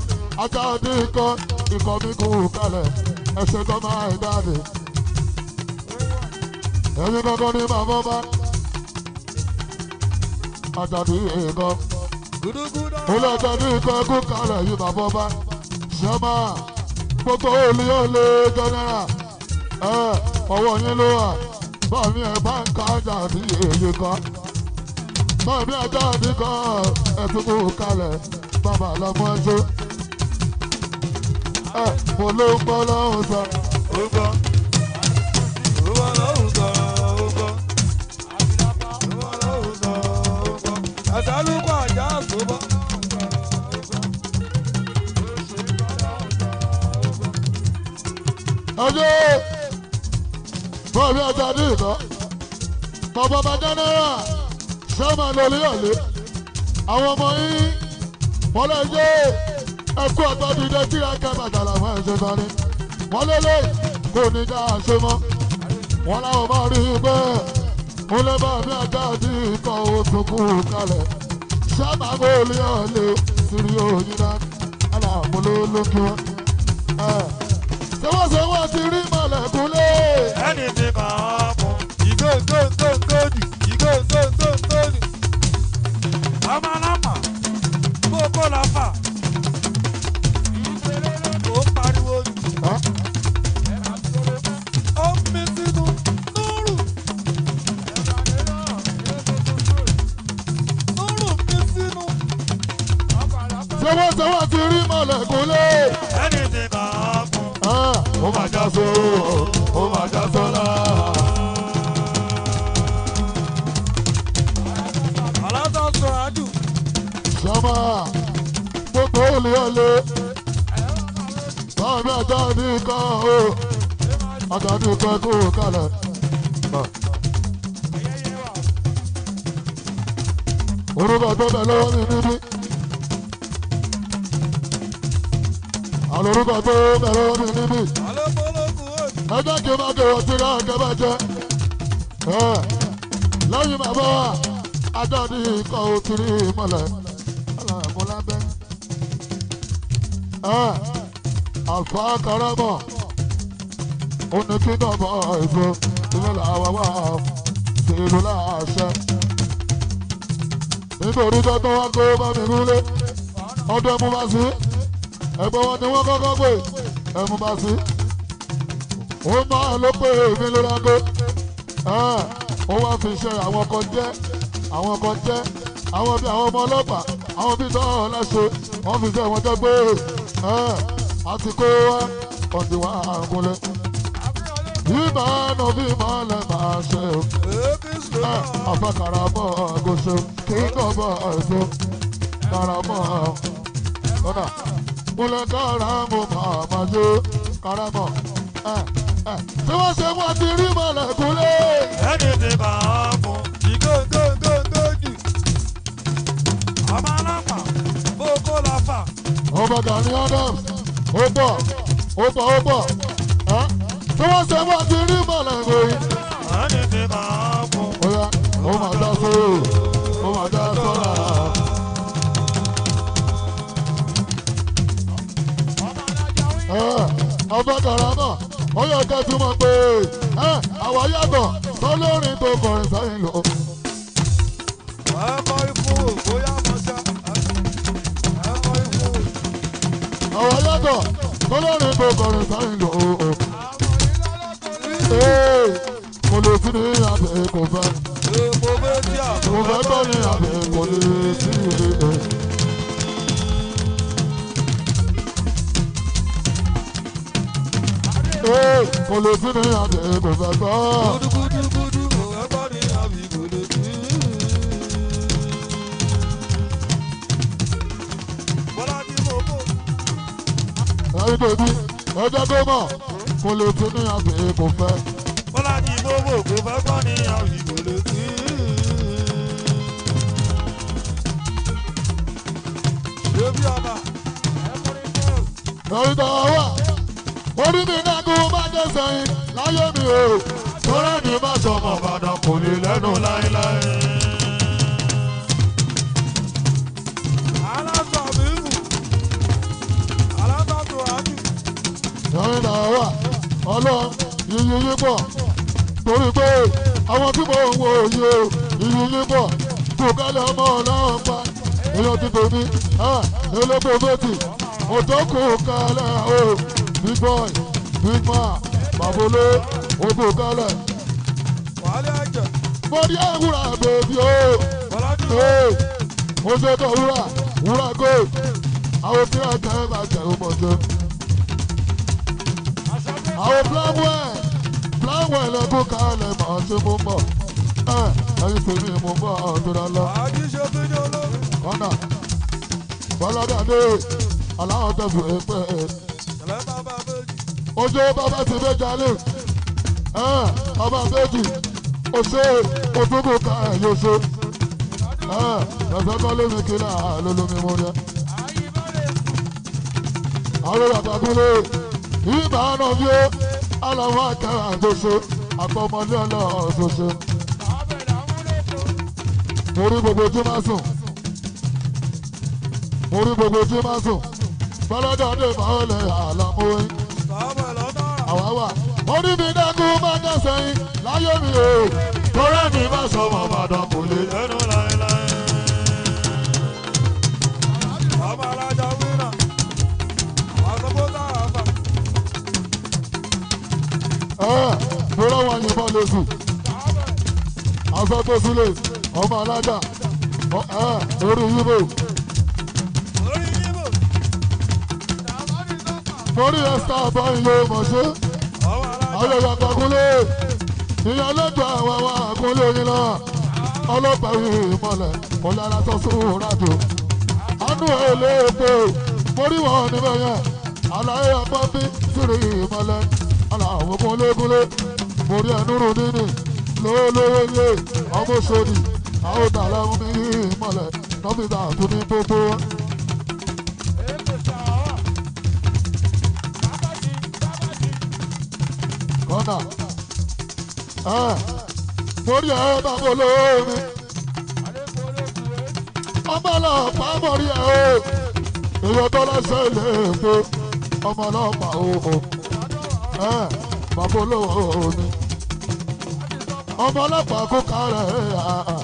[SPEAKER 1] ajáde ìkọ́ mi kú kalẹ̀ ẹ̀ṣẹ̀ gan máa ń jáde ẹ̀jẹ̀ gangan ní bàbá ọba ajáde ìkọ́ olè ajáde ìkọ́ ẹ̀kú kalẹ̀ yìí bàbá ọba gbogbo olè ọ̀lẹ́ ọwọ́ yín ló wà bọ́ọ̀mí ẹ̀ bá ń ká ọjà àti èyí kan bọ́ọ̀mí ọjà àti kan ẹ̀tún kò kalẹ̀ bàbá lọ́mọ ẹjọ́ ẹ̀ mo ló ń gbọ́ lọ́hùn sọ. ó bọ́ọ̀lù ọjà ní ìbọn bàbá bá jẹ́nẹ́rà sẹ́mà lọ́lẹ́yọ̀lẹ́ àwọn ọmọ yín wọlé yé ẹkú ọ̀tọ́dún ilé tí ẹ̀ka bàtàlà wọn ẹ̀sẹ̀ sani wọ́n lélẹ̀ kò ní ká ṣe mọ́ wọ́n láwọn máa rí i pé mo lè bá mi àjà àti ikọ̀ òtúkú kalẹ̀ sẹ́mà lọ́lẹ́yọ̀lẹ́ sírí òyìn náà aláàmúlò lókè wọn. ṣé wọ́n ti rí mọ̀lẹ́kùnlé? ní ti kàn án kún. ìgò ìgò
[SPEAKER 2] ìgò ìgò jù ìgò ìgò ìgò ìgò jù. ọmọ alámà kókó lọ fà.
[SPEAKER 1] sọ kó kálọ̀. gbé mọ́mí múlé ọdún ẹ̀mú bá sí ẹ̀gbọ́n wọn ni wọ́n kọ́kọ́ pè ẹ̀mú bá sí. ó máa ló pé èmi ló ra gbé ó wá fi ṣe àwọn kan jẹ́ àwọn kan jẹ́ àwọn bíi àwọn ọmọ ọlọ́pàá àwọn bíi tọ́ ọ̀la ṣe wọ́n fi ṣe wọn jẹ́ pé àti kó wá ọ̀dìwà àgúnlẹ̀ ìbá nà bí mọ́lẹ̀ bá ṣe àfẹ́kàrà bọ́ àgùnṣe kí n kọ́ bọ́ àìsàn. Karamo, kódà mo karamo karamọ́ màmá ṣe karamọ́ ẹ ẹ bí wọ́n ṣe wọ́n ti rí mọ̀lẹ́kúnlé. ẹni tí
[SPEAKER 2] bá a mú kí gógógógó ọmọ aláfà
[SPEAKER 1] boko láfà. ọba Gani Adams ó bọ̀ ó bọ̀ ó bọ̀ ẹ́ tí wọ́n ṣe wọ́n ti rí mọ̀lẹ́kúnlé. ẹni tí bá a mú. ó yá ó máa dá sóró ó máa dá sóró. ọba karama ó yẹ kẹ́ tí mo pè é àwa yàtọ̀ sọlọ́rin tó kọrin sẹ́yìn lọ. ẹ kọ́ ikú bóyá mọ́ṣá ẹ kọ́ ikú. àwa yàtọ̀ sọlọ́rin tó kọrin sẹ́yìn lọ. mo lè sí ní abẹ́ kò fẹ́. mo fẹ́ bọ́ ní abẹ́ kò lè sí. kò lè sí ní àjẹ́ kò fẹ́ gbọ́.
[SPEAKER 3] gudugudugudu kò
[SPEAKER 1] fẹ́ gbọ́
[SPEAKER 2] ní àbí kò lè sí.
[SPEAKER 1] bọ́lá ní mo bò. ẹyin bèbí ẹjẹ́ tó mọ̀ kò lè sí kò fẹ́.
[SPEAKER 2] bọ́lá ní mo bò kò fẹ́ gbọ́ ní àbí kò lè sí.
[SPEAKER 1] Orí mi náà tó sẹ́yìn láyé mi o sọ́rẹ́ ni má sọmọ Ìbàdàn kò
[SPEAKER 2] lè lẹ́nu láéláé.
[SPEAKER 1] yọrin náà wà ọlọ́run yíyí yí pọ̀ torí pé àwọn tí mò ń wo òye o yíyí yí pọ̀ kò kálẹ̀ ọmọ ọlọ́run pa èèyàn ti tèmi ẹ̀ ah, ẹlẹ́gbẹ̀ẹ́ méjì òjò kò kálẹ̀ o big boy big man babolo ogo kọlẹ. bọ́dí àwùrà bèbí o oṣù tó wúrà wúrà gold àwọn tí wọ́n jẹ́ bá jẹ́ ọmọ jẹ́. àwọn flamwell flamwell lẹ́kọ̀ọ́ kalẹ̀ màá ṣe mú mọ́ ẹ̀ ẹ̀yin tèmi mú mọ́ ọ̀dọ́dọ́ lọ. kọ́nà bọ́lá dàdé aláwọ̀ tẹ̀sùn ẹgbẹ́ ẹ̀ ojú bàbá ti fẹ́ jalè ọmọ méjì ọ̀sẹ̀ òtúbù ká ẹ̀yọ́ ṣe ẹ̀fẹ́ bá lómi kílà lólómi mú rẹ. àwọn bàbá mi lè ìgbà náà bí ó aláwọ̀ àkàrà àjọṣe àpọ̀mọ́lé ọlọ́ọ̀ṣọṣe. mo rí gbogbo tí máa sùn mo rí gbogbo tí máa sùn bọ́lá dáadé máa ń lè àwa wà. mo ní mi dákú má dá sẹ́yìn láyé mi o tọ́rẹ́ mi má sọ ọmọ Ìbàdàn kò lè lẹ́nu láéláé. bàbá alájà wíńdà àtọ́kọ́ tá a fà. ẹ mo lọ́wọ́ yìnbọn lóṣù aṣọ sílẹ̀ ọmọ alájà orí yìí bò. Mori Esther Boy ló mọ̀ ṣe. Ayọ̀yọ̀ Kakunlé. Ìyálẹ́jọ́ àwọn àwọn àkúnlé yín lọ. Ọlọ́pàá yìí ìmọ̀lẹ̀ kò lára sọ sóhùn rájò. Anú ẹ̀ lé epo. wọn ni bẹ́ẹ̀ yẹn. Àlàyé Apọ́bí sírì ìmọ̀lẹ̀. Aláwọ̀ kúnlékúnlé. Mori Ẹnúrù nínú. Lówólówó lé ọmọ sódì. Àwọn ìdàlẹ́ ń bí ìmọ̀lẹ̀. Nọ́bìtà tún ní gbogbo lọ́nà. Mórí ẹ̀ bàbá olómi. Ọmọlọ́pàá mórí ẹ̀ o. Èèyàn tó lọ́sẹ̀ lè po ọmọlọ́pàá o. Eh, bàbá olómi. Ọmọlọ́pàá kó kárẹ̀ ẹ̀. Ah,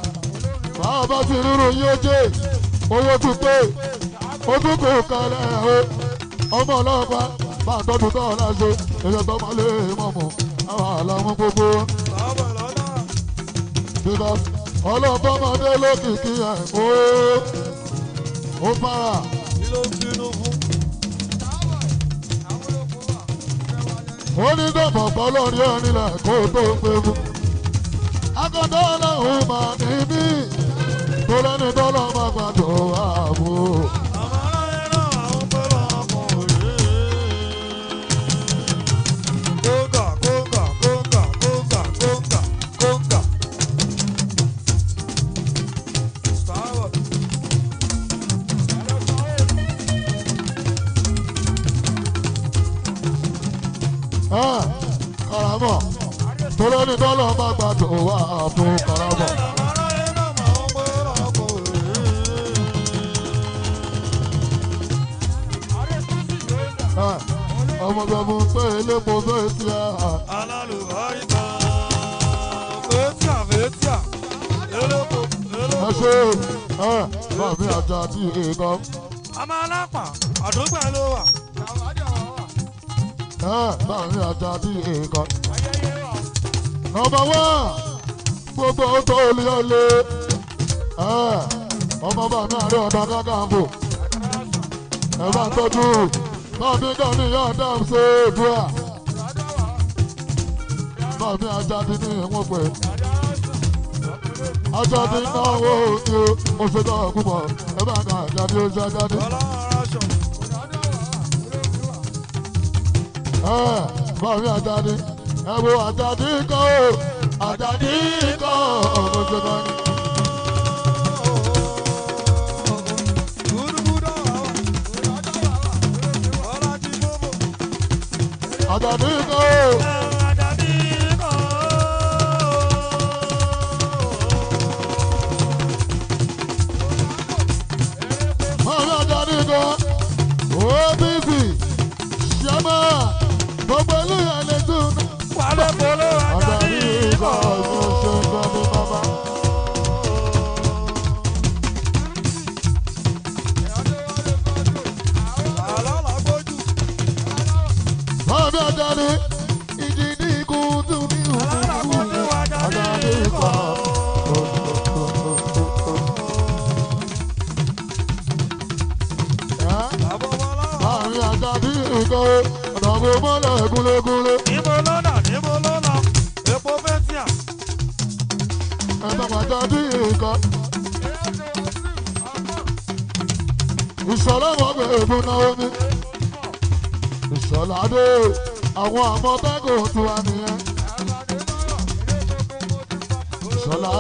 [SPEAKER 1] bàbá ti rírun yóò jẹ́ owó tó pé. Ó tún kárẹ̀ o. Ọmọlọ́pàá bá a tọ́jú tó ọ̀la ṣe ẹ̀ṣẹ̀ tó máa lé mọ̀mọ́ àwọn àlàmú gbogbo. Jesus ọlọ́ọ̀bọ máa dé lókìkí ẹ̀ kó ó para. ó ní dọ̀bọ̀bọ̀ lórí ọ̀nìlẹ̀ kó tó pé mu. akọ̀dọ̀ ọlọ́run máa níbí tó lẹ́ni tó máa gbàdúrà. sí i gan.
[SPEAKER 2] ọmọ alápà àdúgbò ló wà.
[SPEAKER 1] ẹ báyìí ajá bí nǹkan. nọ́mbà wá gbogbo tó lé ọlẹ ọmọ bá mi tọ́jú bá mi kàn é ajá ní ìwọ̀n pẹ̀lú. aṣọ ti náwó sí o mo ṣe tọ́ púpọ̀ ẹ bá kà jáde ó jáde. ẹ bọ́ọ̀mí àjáde ẹ wo àjáde kọ́ o àjáde kọ́ o mo ṣe tọ́ ni. àjáde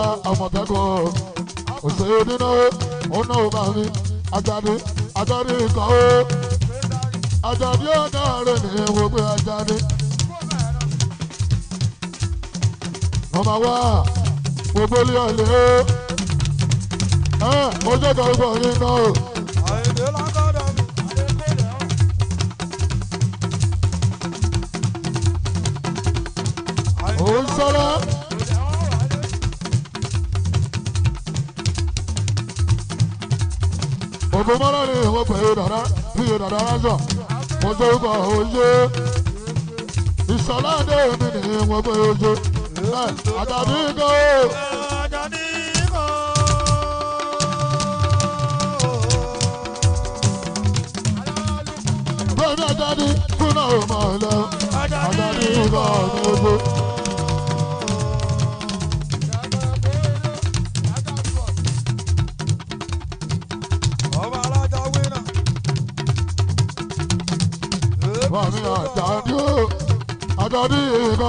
[SPEAKER 1] Àmọ̀tẹ́kùn òṣè nínú ọ̀nà ọba mi Àjàdí Àjàdí nǹkan o Àjàdí ọ̀nà rẹ̀ ní ewu pé Àjàdí. ọmọ wa gbogbo ilé ọ̀lẹ́ o mo jẹ́ kan gbọ́ yín náà o. òun sọ́lá. gbogbo mọ́rọ́ ni mo pè é bí i dàda ránṣọ mo jẹ́ orúkọ ìṣọ̀lá dé mi ni mo pè é àjàdí kò. Bẹ́ẹ̀ni àjàdí kúnà ò mọ̀ ọ́ lọ,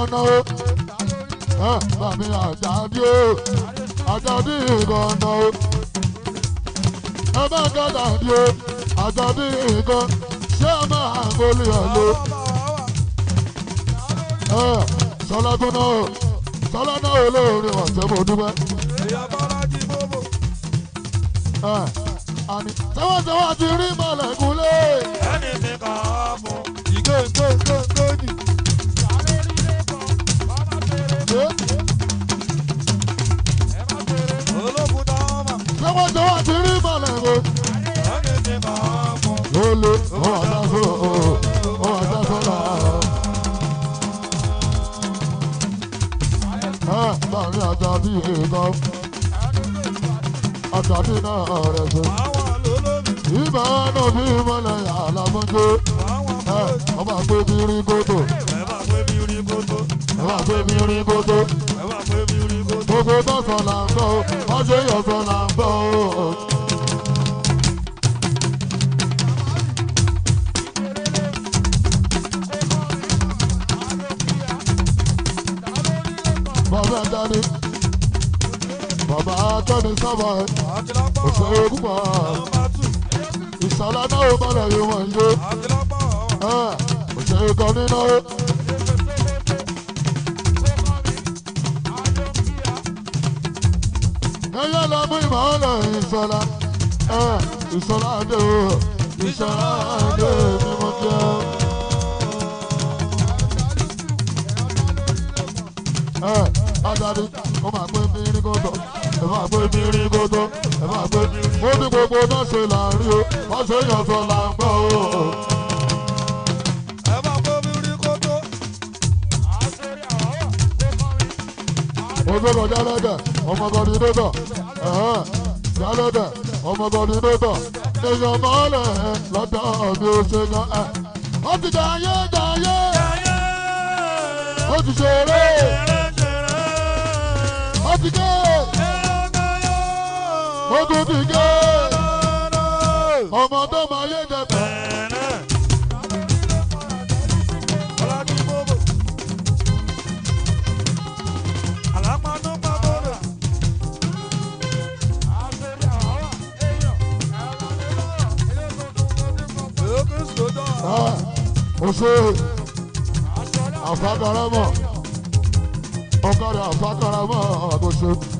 [SPEAKER 1] dáná o bàbá àjàdí o àjàdí nǹkan náà o ẹ bá gàdá di o àjàdí nǹkan ṣé ẹ máa gbólé ọ̀lẹ́ sọlá gbóná o sọlá náà olóore ọ̀sẹ̀ mo dúpẹ́. àní tẹ́wọ́tẹ́wọ́ ti rí mọ̀lẹ́kùnlé. ẹni mi kàn án mú. ìgbé ìgbé ìgbé. délé wọn àtàkùn wọn àtàkùn náà. láàrin àjàbí nǹkan àjàbí náà rẹ̀ ṣe. ibà náà bí mọ́lẹ̀ àlàmọ́jọ́ ọba pé bí rí kótó. ọba pé bí rí kótó. gbogbo tó sọ là ń gbọ́ ó wọ́n ṣe yọ̀ sọ là ń gbọ́ ó. sọ́bọ̀ òṣèré púpọ̀ ìsàlẹ̀ náà gbọ́dọ̀ yóò wọ̀n jó òṣèré kan nínú. ẹyẹ lọ mú ìmọ̀ ọ́ lọ ìsọ̀lá ìsọ̀lá dé o ìsọ̀lá. gbé bírí gbogbo ẹ máa gbé bírí. mo ní gbogbo náà ṣe láàrin o wọ́n ṣe yàn sọ là ń gbọ́ o. mo gbé kọjá lẹ́dẹ̀ ọmọ kan ní dọ́tọ̀ jálẹ̀dẹ̀ ọmọ kan ní dọ́tọ̀ èèyàn mọ́lẹ̀ lọ́tọ̀ mi ò ṣe yan ẹ̀. ó ti dàyé dàyé ó ti ṣeré ó ti dé mo tún ti gé ọmọ tó máa yé jẹta. Ose afakarama ọ̀kadà afakarama àtúnṣe.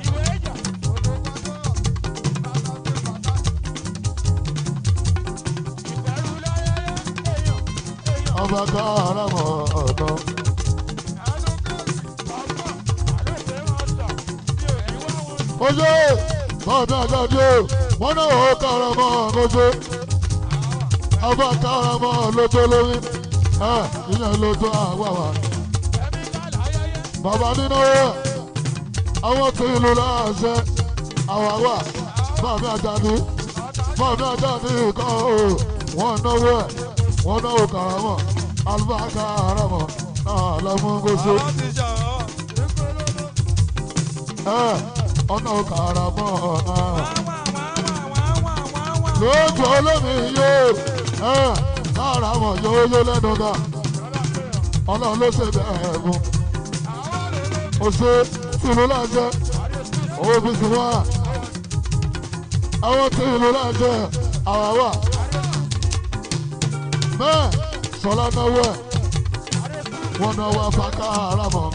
[SPEAKER 1] ọba tó ọ̀rọ̀ mọ̀ ọ̀tọ̀. ojú bọ́ọ̀dọ̀ ọjọ́jú wọn náà ó kọ̀ọ̀rọ̀ mọ́ ọ̀gọ́jú ọba kọ̀ọ̀rọ̀ mọ́ lójó lórí ìyẹn lójó àwàwà. bàbá nínú àwọn tó ìlú láàṣẹ àwàwà bàbá àjàdí bàbá àjàdí kọ́ ọ́ wọn náwó ẹ̀ wọn náwó kàràmọ́ alùbáríkà àràmọ̀ alamu lọ́mọ́gọ́sọ. ọ̀nà kàràmọ̀ náà. lóògùn olómi yóò kàràmọ̀ yóò yó lẹ́nu náà. ọlọ́run ló ṣe bẹ́ẹ̀ mú. o ṣe tìlú lájẹ owó fi sí wá. àwọn tìlú lájẹ àwa bẹ́ẹ̀. Tọ́lá náwó ẹ̀ wọ́n náwó afáká àràmọ́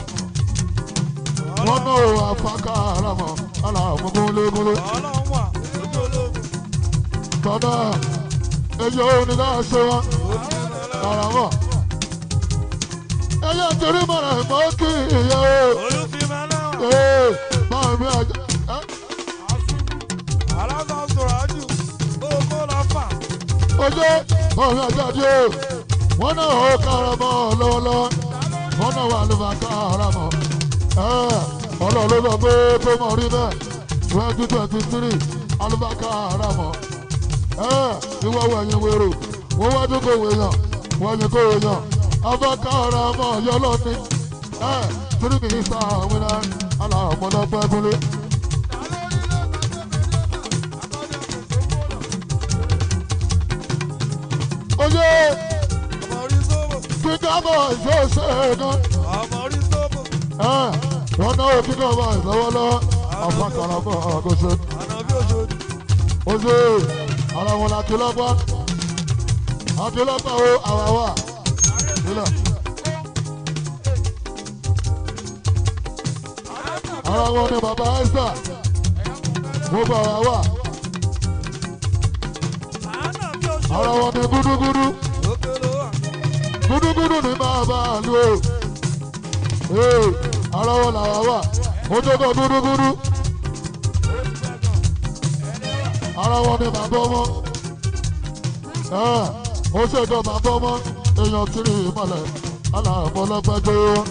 [SPEAKER 1] wọ́n náwó afáká àràmọ́ aláwọ̀ gúnlégúnlé. Tọ́lá ẹyẹ òní náà ṣe wọn àràmọ́ ẹyẹ torí mọ̀ràn ìmọ̀ kí ìyẹ́ o. Olúfimẹ́ náà. Báwo ni àjọ. Alága sọ̀rọ̀ àjù, kó o kó lọ fà. Ojú, báwo ni àjọ àjọ? mọ́nà ó kọ́ra mọ́ lọ́lọ́ mọ́nà wà ló bá kọ́ra mọ́ ọlọ sọ pé kó mọ̀ rí bẹ́ẹ̀ twenty twenty three alubaka aramọ ìwọ wẹ̀yìn wèrò wọ́n wá tó kò wèèyàn wẹ̀yìn kò wèèyàn abaka yọlọ three minister ala Oh, yeah. Africa boys ló ṣe é gan. ọmọ orí sọ́ọ̀bù. wọ́n ná Africa boys lọ́wọ́lọ́wọ́ àfàkàrà bọ̀ àgọ́ṣe. ànàbí òṣòdì. oṣù ara wọn la ti lọ́gbọ́. àti lọ́gbọ́ o àwa wà. ara wọn ni bàbá Esther gbogbo àwa wà. ara wọn ni gúdúgúdú gúdúgúdú ní máa bá a lò ah, ó arawọ làwa wà ojúkọ gúdúgúdú arawọ ni bàbá ọmọ
[SPEAKER 3] ó ṣèjọba bọ́mọ èèyàn tìrì ìmọ̀lẹ̀ alàbọ̀lọ́gbẹ́jọ́.